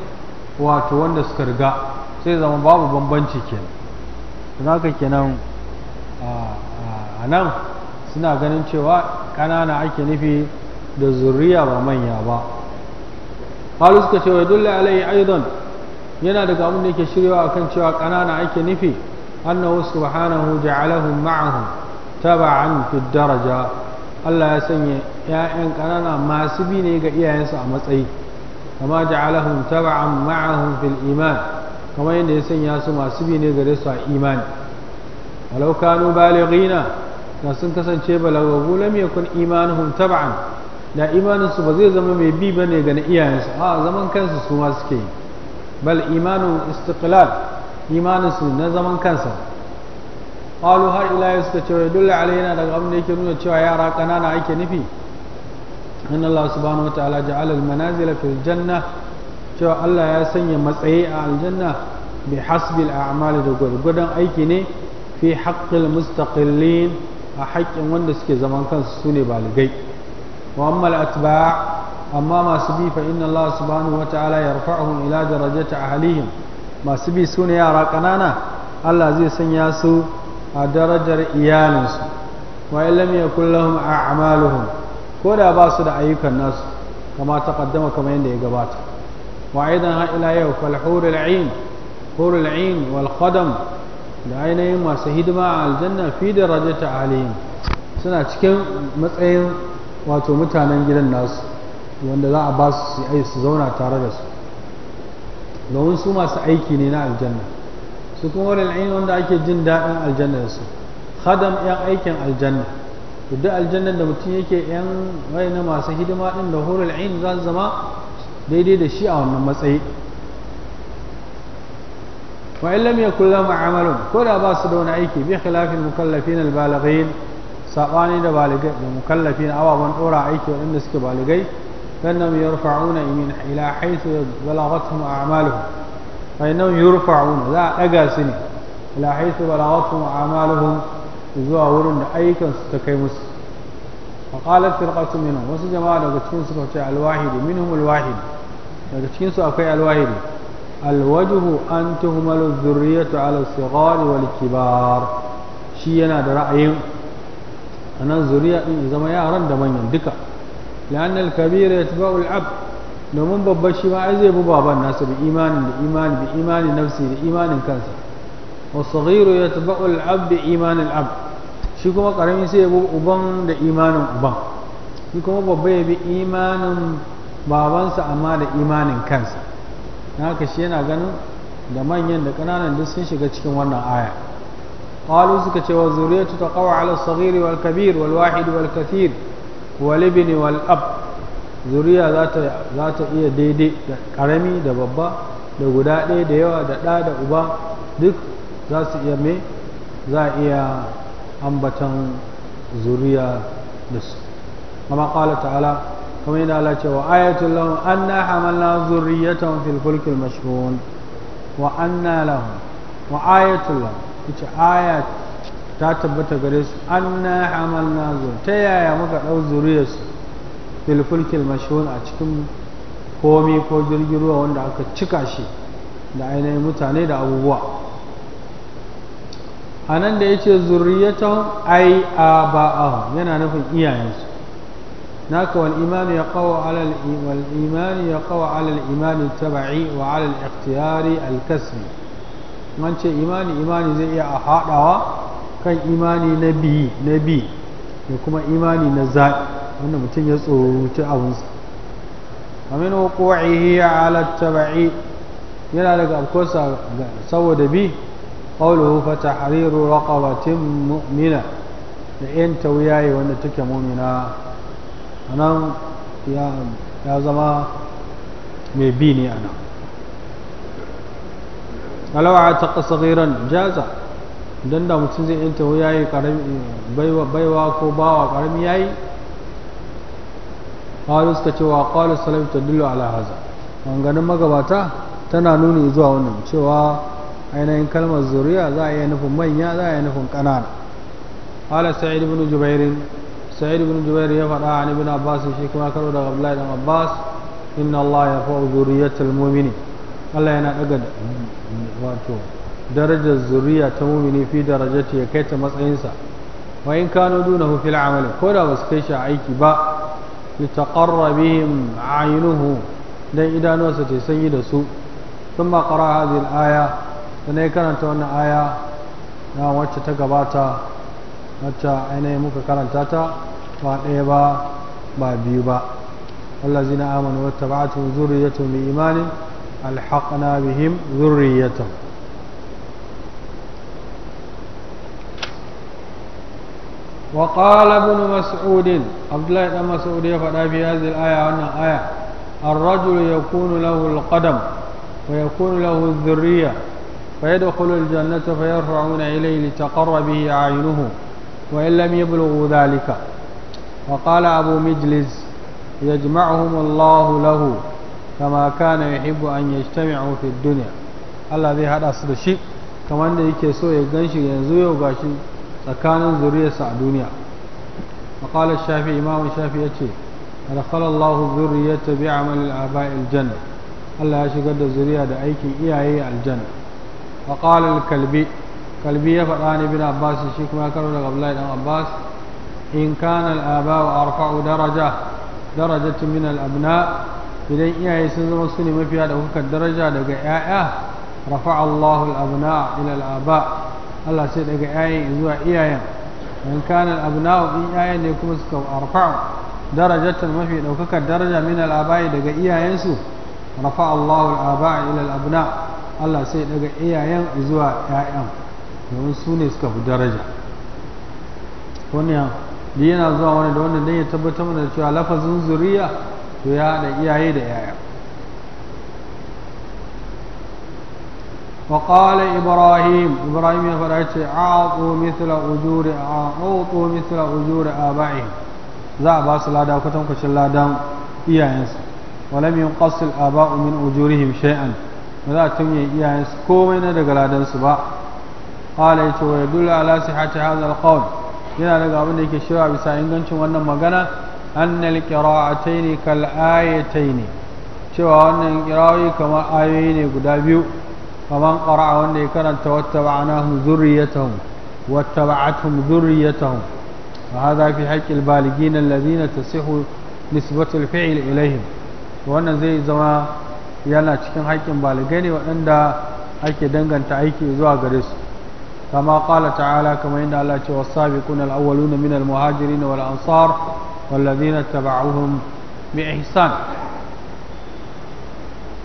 wato wanda suka riga sai zama babu bambanci kenan zaka kenan a nan suna ganin cewa ƙanana ake nufi da zuriya ba manya ba halu suka ce wa dulle alayhi aidan yana daga abin da yake shiryawa akan cewa ƙanana ake nufi annahu subhanahu ja'alahum ma'ahum taba'an fi daraja Allah ya sanya ‘ya'yan ƙanana masu bi ne ga iyayensu a matsayi kama ja'alahum taba'an ma'ahum fil iman kamar yadda ya sanya su masu bi ne gare su a imani walau kanu balighina da sun kasance balagagu lam yakun imanuhum taba'an da imaninsu ba zai zama mai bi bane ga na iyayensu a zaman kansu su ma suke yi bal imanu istiqlal imaninsu na zaman kansa qalu har ila yau suka ce wa dole daga abin da yake nuna cewa yara ƙanana ake nufi in Allah subhanahu wa ta'ala ja'ala al-manazila fil janna cewa Allah ya sanya matsayi a aljanna bi hasbil a'mal da gwargwadon aiki ne fi haqqil mustaqillin a haƙƙin wanda suke zaman kansu sune baligai wa amma al-atba' amma masu bi fa inna Allah subhanahu wa ta'ala yarfa'uhum ila darajati ahlihim masu bi sune yara ƙanana? Allah zai sanya su a darajar iyalinsu wa illam yakul lahum a'maluhum ko da ba su da ayyukan nasu kama ta kaddama kamar yadda ya gabata wa aidan ha ila yau fal hurul ain hurul ain wal qadam da ainihin masu hidima a aljanna fi darajati alihim suna cikin matsayin wato mutanen gidan nasu wanda za a ba su su zauna tare da su domin su masu aiki ne na aljanna su kuma wurin wanda ake jin daɗin aljanna su khadam yan aikin aljanna duk da mutum yake yan wani na masu hidima ɗin da hurul ain za su zama daidai da shi a wannan matsayi wa in lam yakul lahum amalun ko da ba su da wani aiki bi khilafil mukallafin al sabani da baligai da mukallafin ababan dora aiki waɗanda suke baligai kannam yarfa'una min ila haythu balagathum a'maluhum فإنهم يرفعون لا أجازني إلى حيث بلغتهم أعمالهم زوار أيك تكيمس فقالت فرقة منهم وس جماعة وتشينس الواحد منهم الواحد وتشينس أكيا الواحد الوجه أن تهمل الذرية على الصغار والكبار شينا درعيم أنا الذرية إذا ما يعرف دمين دكا لأن الكبير يتبع العبد domin babban shi ma ai zai bi baban nasa bi imanin da imani bi imanin nafsi da imanin kansa wa saghiru yatba'u al-abd iman al shi kuma karami sai ya bi uban da imanin uban shi kuma babba ya bi imanin babansa amma da imanin kansa haka shi yana ganin da manyan da ƙananan duk sun shiga cikin wannan aya قالوا سكت والذرية تقوى على الصغير والكبير والواحد والكثير والابن والأب zuriya za ta iya daidai da ƙarami da babba da guda ɗaya da yawa da ɗa da uba duk za su iya me za a iya ambatan zuriya da su amma ƙala ta'ala kamar yana ala cewa ayatul lahum anna hamalna zurriyatan fil fulkil mashhun wa na lahum wa ayatul lahum ita aya ta tabbata gare su anna hamalna zur ta yaya muka ɗau zuriyarsu filfilkil mashhur a cikin komi ko jirgin ruwa wanda aka cika shi da ainihin mutane da abubuwa a nan da ya ce zurriyatahum ai aba'ahum yana nufin iyayensu ka wal imani ya kawo alal imani ya kawo wa alal ikhtiyari alkasmi man ce imani imani zai iya a haɗawa kan imani na bi na bi da kuma imani na zaɓi wanda mutum ya tsoruci abinsa amin wuqu'ihi ala taba'i yana daga afkosa saboda bi qawluhu fa tahriru raqabatin mu'mina da yan tawiyaye wanda take mu'mina a nan ya zama mai bi ne a nan. alawa ta qasghiran jaza dan da mutum zai yanta wuyaye karami baiwa ko bawa karami yayi qalu suka ce wa qalu salaf tadullu ala haza maganganun magabata tana nuni zuwa wannan cewa ainihin kalmar zuriya za a iya nufin manya za a iya nufin ƙanana qala sa'id ibn jubair sa'id ibn jubair ya faɗa an ibn abbas shi kuma karo daga abdullahi dan abbas inna allah ya fa'u zuriyatul mu'mini allah yana daga wato darajar zuriya ta mu'mini fi darajati ya kai ta matsayinsa wa in kanu dunahu fil amali ko da basu kai shi a aiki ba لتقر بهم عينه دين إذا نوسة سيد سوء ثم قرأ هذه الآية سنة كانت أن آية na wacce ta gabata wacce ainihin muka karanta ta ba ɗaya ba ba biyu ba wallazina amanu wata ba'atu zurriyatu bi imanin alhaqna bihim zurriyatahum وقال ابن مسعود عبد الله بن مسعود يفعل في هذه الآية أن آية الرجل يكون له القدم ويكون له الذرية فيدخل الجنة فيرفعون إليه لتقر به أعينه وإن لم يبلغوا ذلك وقال أبو مجلس يجمعهم الله له كما كان يحب أن يجتمعوا في الدنيا الذي هذا أصل شيء أنه يكسو يغنشي ينزو يغاشي tsakanin zuriyarsa a duniya maƙala shafi imam shafi ya ce adakala allahu zuriyata bi amal al-aba aljanna allah ya shigar da zuriya da aikin iyaye aljanna maƙala kalbi kalbi ya faɗa ni bin abbas shi kuma ya karo daga abdullahi dan in kana al-aba wa arfa'u daraja darajati min al idan iyaye sun zama su ne mafiya da kuka daraja daga 'ya'ya rafa'a allahu al-abna ila al-aba Allah sai daga yayin zuwa iyayen in kana abna'u in yayan ne kuma suka arfa'u darajatan mafi daukakar daraja min al-abai daga iyayensu rafa Allahu al abai ila al-abna Allah sai daga iyayen zuwa yayan domin su ne suka fi daraja wannan yana zuwa wani da wannan dan ya tabbatar mana cewa lafazin zuriya to ya da iyaye da yaya وقال إبراهيم إبراهيم يفرأيتي أعطوا مثل أجور أعطوا مثل أجور آبائهم ذا باس لا داو كتم كشل لا داو إيانس ولم ينقص الآباء من أجورهم شيئا ذا تمي إيانس كومين دقلا دان سبا قال يتو ويدل على صحة هذا القول yana daga abin da yake shirya bisa ingancin wannan magana annal qira'atayn kal ayatayn cewa wannan qira'o'i kamar ayoyi ne guda biyu faman qara'a wanda ya karanta wattaba'nahum zurriyatahum wattaba'athum zurriyatahum wa hadha fi haqqil baligin alladhina tasihu nisbatul fi'l ilaihim wannan zai zama yana cikin haƙƙin baligai ne waɗanda ake danganta aiki zuwa gare su kama qala ta'ala kamar yadda Allah ce was-sabiquna al-awwaluna min al-muhajirin wal-ansar والذين اتبعوهم بإحسان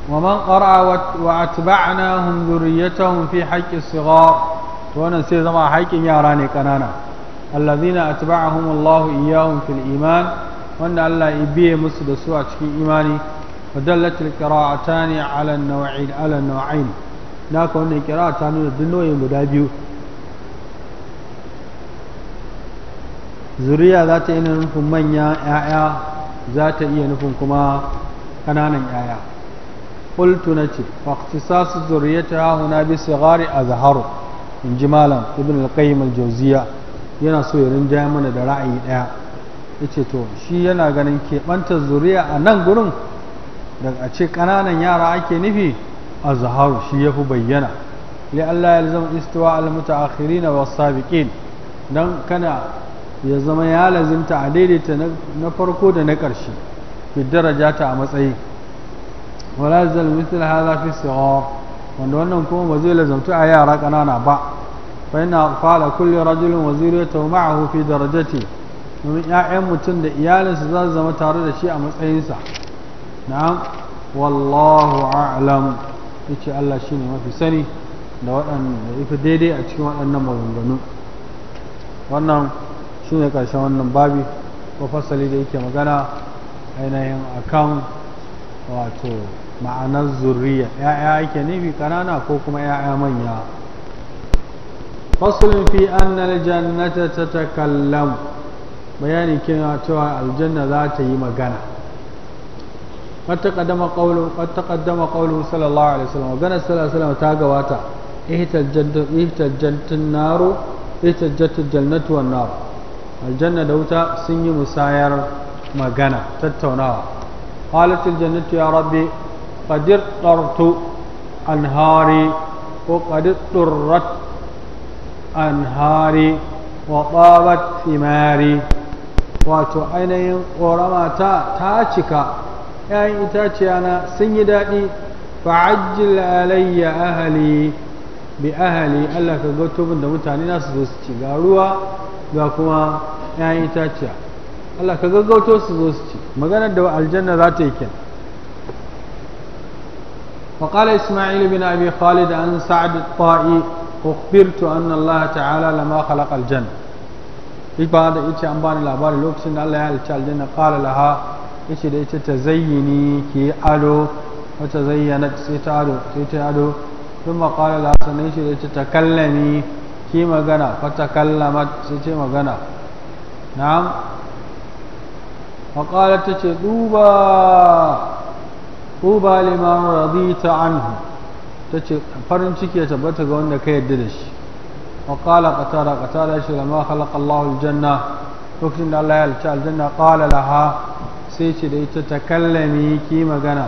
ومن قرأ واتبعناهم ذريتهم في حق الصغار وانا سيزمع حق ياراني كنانا الذين أتبعهم الله إياهم في الإيمان وأن الله يبيه مسد سوء في إيماني ودلت القراءتان على النوعين على النوعين ناكو أن القراءتان يدنوا يمدابيو zuriya za ta iya nufin manyan 'ya'ya za ta iya nufin kuma ƙananan 'ya'ya qultu nace fa ta zurriyataha na bi sighari azharu in ji malam ibn al yana so ya rinja mana da ra'ayi daya yace to shi yana ganin keɓantar zuriya a nan gurin da a ce ƙananan yara ake nufi azharu shi yafi bayyana li Allah yalzama istiwa al-mutaakhirin wa sabiqin dan kana ya zama ya lazimta a daidaita na farko da na ƙarshe bi daraja ta a matsayi wala zal mithl hadha fi sighar wanda wannan kuma ba zai lazamtu a yara kanana ba fa inna qala kulli rajulin wa zuriyatuhu ma'ahu fi darajati domin ƴaƴan mutum da iyalinsa za su zama tare da shi a matsayinsa na'am wallahu a'lam yace Allah shine mafi sani da waɗanda ifi daidai a cikin waɗannan maganganu wannan shine ƙarshen wannan babi ko fasali da yake magana ainihin akan wato ma'anar zurriya ya'ya ake nufi kanana ko kuma ya'ya manya fasulun fi annal jannata ta takallam bayani kina cewa aljanna za ta yi magana qad taqaddama sallallahu alaihi wasallam magana sallallahu alaihi wasallam ta gabata ita jantar an-naru ihtajjat al-jannatu aljanna da wuta sun yi musayar magana tattaunawa قالت الجنة يا ربي قد اضطرت أنهاري وقد اضطرت أنهاري وطابت ثماري wato ainihin ƙoramata ta cika ‘ya'yan itaciya na sun yi daɗi fa'ajjil alayya ahali bi ahali Allah ka ga da mutane na su su ci ga ruwa ga kuma ‘ya'yan itaciya Allah ka gaggauto su zo su ci maganar da aljanna za ta yi kin wa qala isma'il bin abi khalid an sa'd ta'i ukhbirtu anna Allah ta'ala lama khalaqa aljanna ba da yace an bani labarin lokacin da Allah ya halicci aljanna qala laha yace da yace ta zayyini ki alo wata zayyana sai ta alo sai ta alo ثم قال لا سنيش تكلمي كي مغنى فتكلمت سيتي مغنى faƙalar ta ce duba duba liman radita anhu ta ce farin ya tabbata ga wanda ka yadda da shi faƙala ƙatara ƙatara shi lama halaka Allahu aljanna lokacin da Allah ya halci aljanna ƙala laha sai ce da ita ta kallami ki magana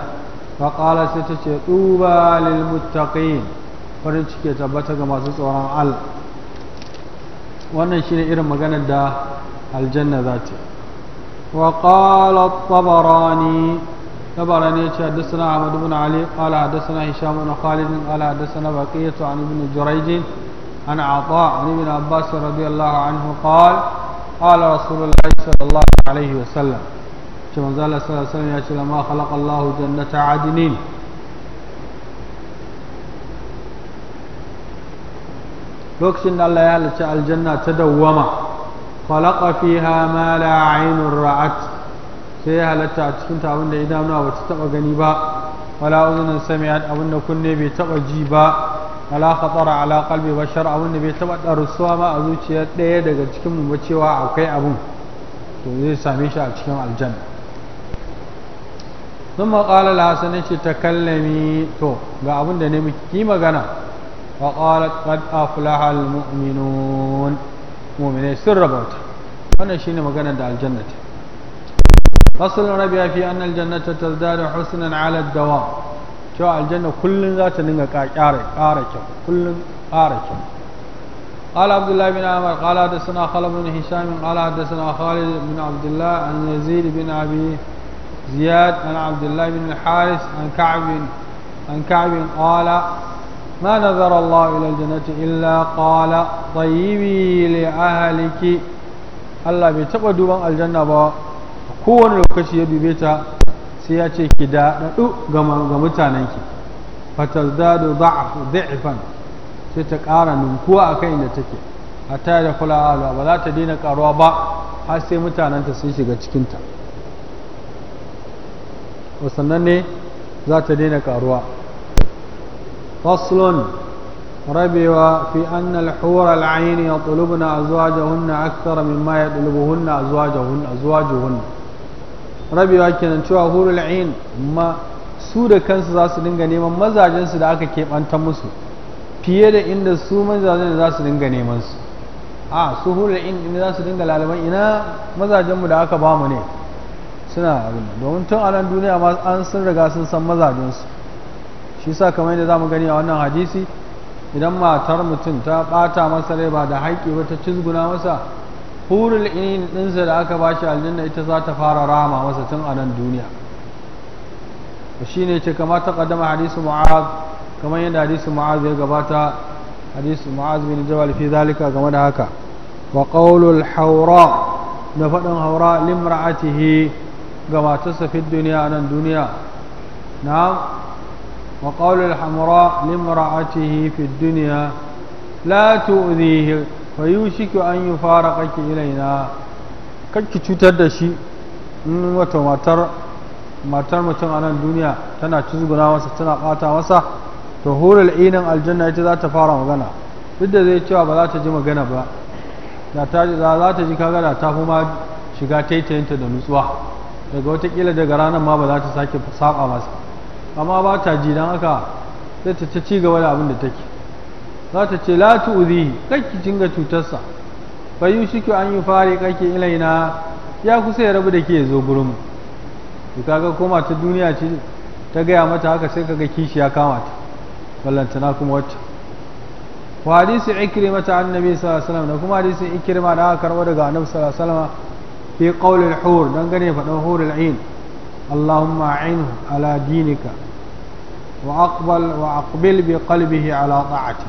faƙala sai ta ce duba lil muttaqin farin ya tabbata ga masu tsoron Allah wannan shine irin maganar da aljanna za وقال الطبراني طبراني حدثنا عمد بن علي قال حدثنا هشام بن خالد قال حدثنا بقية عن ابن جريج عن عطاء عن ابن عباس رضي الله عنه قال قال رسول الله صلى الله عليه وسلم كما قال صلى الله عليه وسلم ما خلق الله جنة عدن lokacin da Allah ya halicci aljanna ta dawwama khalaqa fiha ma la aynun ra'at sai ya halatta a cikin ta abinda idanuwa ba ta taba gani ba wala uzunin sami'at abinda kunne bai taba ji ba wala khatara ala qalbi bashar abinda bai taba darsuwa ma a zuciyar ɗaya daga cikin mu ba cewa akwai abun to zai same shi a cikin aljanna ثم قال ta kallami to ga abin da ne miki magana wa qalat qad aflaha al mu'minun mu'minai sun rabauta wannan shine magana da aljanna fasul rabiya fi annal jannata tazdadu husnan ala dawa cewa aljanna kullun za ta dinga ƙara ƙara kyau kullun ƙara kyau قال عبد الله بن عمر قال حدثنا خالد بن هشام قال حدثنا خالد بن عبد الله عن يزيد بن ابي زياد عن عبد الله بن الحارث عن كعب عن كعب قال ما نظر الله illa الجنة إلا قال طيبي لأهلك Allah bai taɓa duban aljanna ba kowane lokaci ya dube ta sai ya ce ki daɗaɗu ga mutanenki fatazdadu da'ifan sai ta ƙara ninkuwa a kai inda take a ta da kula ala ba za ta daina ƙaruwa ba har sai mutanenta sun shiga cikinta sannan ne za ta daina ƙaruwa فصل ربوا في أن الحور العين يطلبن أزواجهن أكثر مما يطلبهن أزواجهن أزواجهن ربوا كان شو حور العين ما su da kansu za su dinga neman mazajensu da aka keɓanta musu fiye da inda su mazajen su dinga neman a su hura in za su dinga lalaban ina mazajen mu da aka ba mu ne suna abin domin tun a nan duniya ma an sun riga sun san mazajensu shi sa kamar yadda za mu gani a wannan hadisi idan matar mutum ta ɓata masa rai ba da haƙƙi ba ta cizguna masa hurul inin ɗinsa da aka ba shi aljanna ita za ta fara rama masa tun a nan duniya shi ne ce kama ta ƙaddama hadisi mu'az kamar yadda hadisi mu'az ya gabata hadisi mu'az bin jabal fi zalika game da haka wa qawlul haura da faɗin haura limra'atihi ga matarsa fi duniya a nan duniya na. وقول الحمراء لامرأته في الدنيا fara تؤذيه فيوشك أن يفارقك إلينا kakki cutar da shi in wata matar mutum a nan duniya tana cizguna masa tana bata masa to hurul inan aljanna ita za ta fara magana duk da zai cewa ba za ta ji magana ba da ta ji kaga da ta kuma shiga taitayinta da nutsuwa daga watakila daga ranar ma ba za ta sake saba masa amma ba ta ji don haka sai ta ci gaba da abin da take za ta ce la tu'zihi kakki cinga cutarsa fa yushiku an yi fari kakki ilaina ya kusa ya rabu da ke zo gurin mu kaga koma ta duniya ce ta gaya mata haka sai kaga kishi ya kama ta ballantana kuma wacce wa hadisi ikrima ta annabi sallallahu alaihi wasallam da kuma hadisin ikrima da aka karbo daga annabi sallallahu alaihi wasallam fi ƙaunar hur dan gane fadan hurul ain allahumma a'inhu ala dinika وأقبل وأقبل بقلبه على طاعتك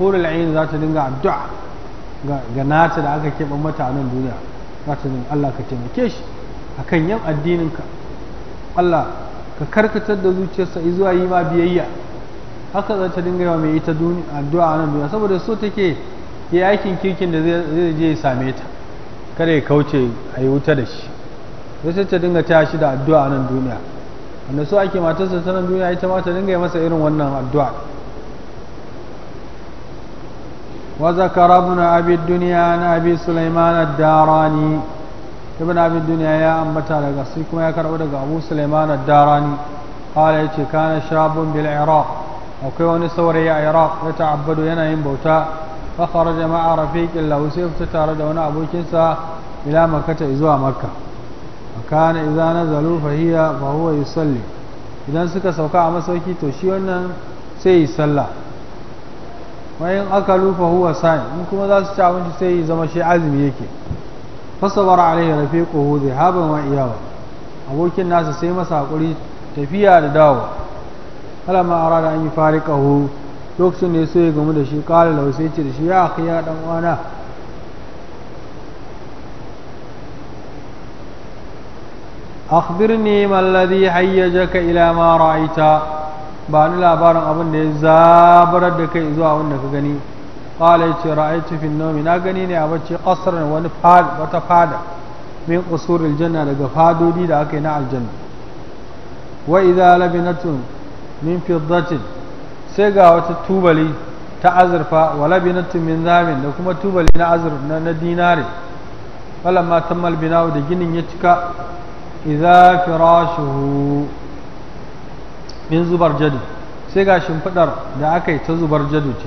قول العين ذات دنجا الدعاء جنات da aka keɓe mata a nan duniya za ta dinga Allah ka taimake shi akan yin addininka Allah ka karkatar da zuciyarsa zuwa yi ma biyayya haka zata dinga yawa mai ita addu'a a nan duniya saboda so take ya aikin kirkin da zai je ya same ta kada ya kauce a yi wuta da shi sai ta dinga shi da addu'a a nan duniya wanda so ake matarsa ta nan duniya ita ma ta dinga masa irin wannan addu'a wa zakara ibn abi dunya na abi sulaiman ad-darani ibn abi dunya ya ambata daga sai kuma ya karbo daga abu sulaiman ad-darani qala yace kana shabun bil iraq akwai wani saurayi a iraq ya ta'abbadu yana yin bauta fa kharaja ma'a rafiqin lahu sai fita tare da wani abokinsa ila makkata zuwa makka kana iza nazalu fahiya fa huwa yusalli idan suka sauka a masauki to shi wannan sai yi sallah in akalu fa huwa sain in kuma za su ci abinci sai ya zama shi azumi yake fasabar alaihi rafiquhu dhahaban wa iyawa abokin nasa sai masa hakuri tafiya da dawo kalama arada an yi fariqahu lokacin da ya so ya gamu da shi kala lau sai ce da shi ya akhiya dan uwana akhbirni malladhi hayyajaka ila ma ra'aita ba ni labarin abin da ya zabar da kai zuwa wanda ka gani qala yace ra'aitu fi nawmi na gani ne a bacci qasran wani fad wata fada min qusuril janna daga fadodi da aka yi na aljanna wa idza labinatun min fiddatin sai ga wata tubali ta azurfa wa labinatun min zamin da kuma tubali na azur na dinari falamma tammal bina'u da ginin ya cika iza firashuhu min zubar jadu sai ga shimfidar da aka yi ta zubar jadu ce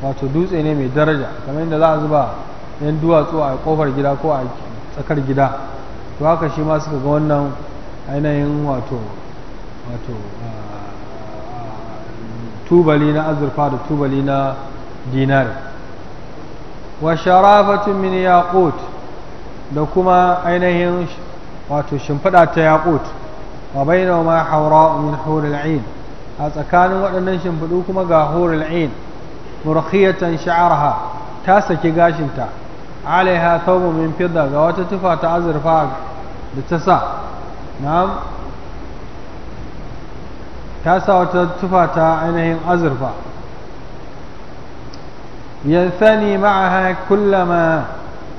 wato dutse ne mai daraja kamar yadda za a zuba yan duwatsu a kofar gida ko a tsakar gida to haka shi ma suka ga wannan ainihin wato wato tubali na azurfa da tubali na dinari wa sharafatun min yaqut da kuma ainihin wato shimfiɗa ta yaƙut wa baina ma haura min hurul ain a tsakanin waɗannan shimfiɗu kuma ga hurul ain murkhiyatan sha'arha ta saki gashinta alaiha thawbun min fidda ga wata tufa ta azurfa da ta sa na'am ta sa wata tufa ta ainihin azurfa yanthani ma'aha kullama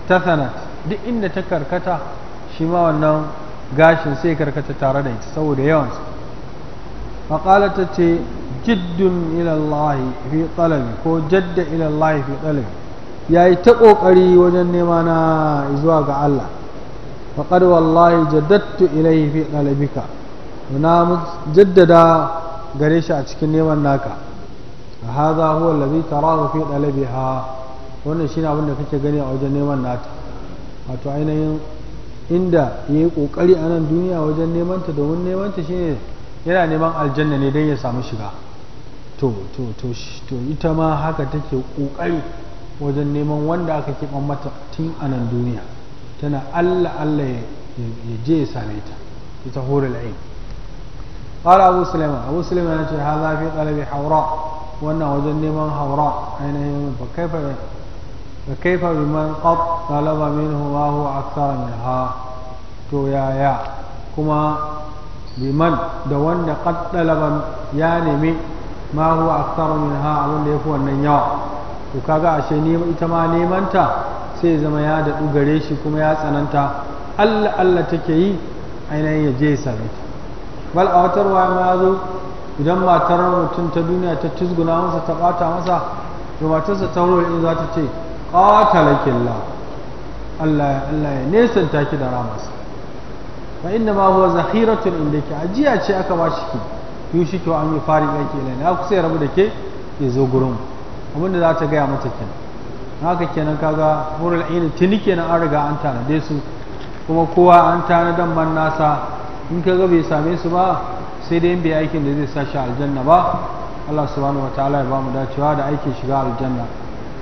tathanat duk inda ta karkata shi ma wannan gashin sai karkata tare da ita saboda yawansa faƙala ta ce jiddun ilallahi fi talabi ko jadda ilallahi fi talabi ya yi ta ƙoƙari wajen nema na zuwa ga Allah faƙar wallahi jaddattu ilai fi ɗalibika na jaddada gare shi a cikin neman naka a haza huwa labi tarahu fi ɗalibi ha wannan shi abin da kake gani a wajen neman nata wato ainihin inda ya yi ƙoƙari a nan duniya wajen nemanta domin nemanta shine yana neman aljanna ne don ya samu shiga to to to to ita ma haka take ƙoƙari wajen neman wanda aka keɓan mata tun a nan duniya tana allah allah ya je ya same ta ita horil ain قال أبو سليمان أبو سليمان هذا في قلب حوراء وأنه وجن من حوراء أين فكيف فكيف بمن قد طلب منه وهو أكثر منها to yaya kuma liman da wanda kaddalaban ya nemi ma huwa aktaru min ha abin da ya fi wannan yawa to kaga ashe ita ma nemanta sai zama ya da gare shi kuma ya tsananta allah allah take yi ainihin ya je same ta bal a wata ruwa ma zo idan matar mutum ta duniya ta tuzguna masa ta bata masa to matarsa ta in za ta ce qatalakillah Allah Allah ya nesanta ki da ramarsa fa inna ma huwa zakhiratun indaki ajiya ce aka ba shi ki yushi ki an yi fari ke ilai na kusa ya rabu da ke ya zo gurin abinda za ta gaya mata kenan haka kenan kaga hurul aini tuni kenan an riga an tanade su kuma kowa an tanadan man nasa in kaga bai same su ba sai dai in bai aikin da zai sashi shi aljanna ba Allah subhanahu wataala ya ba mu dacewa da aikin shiga aljanna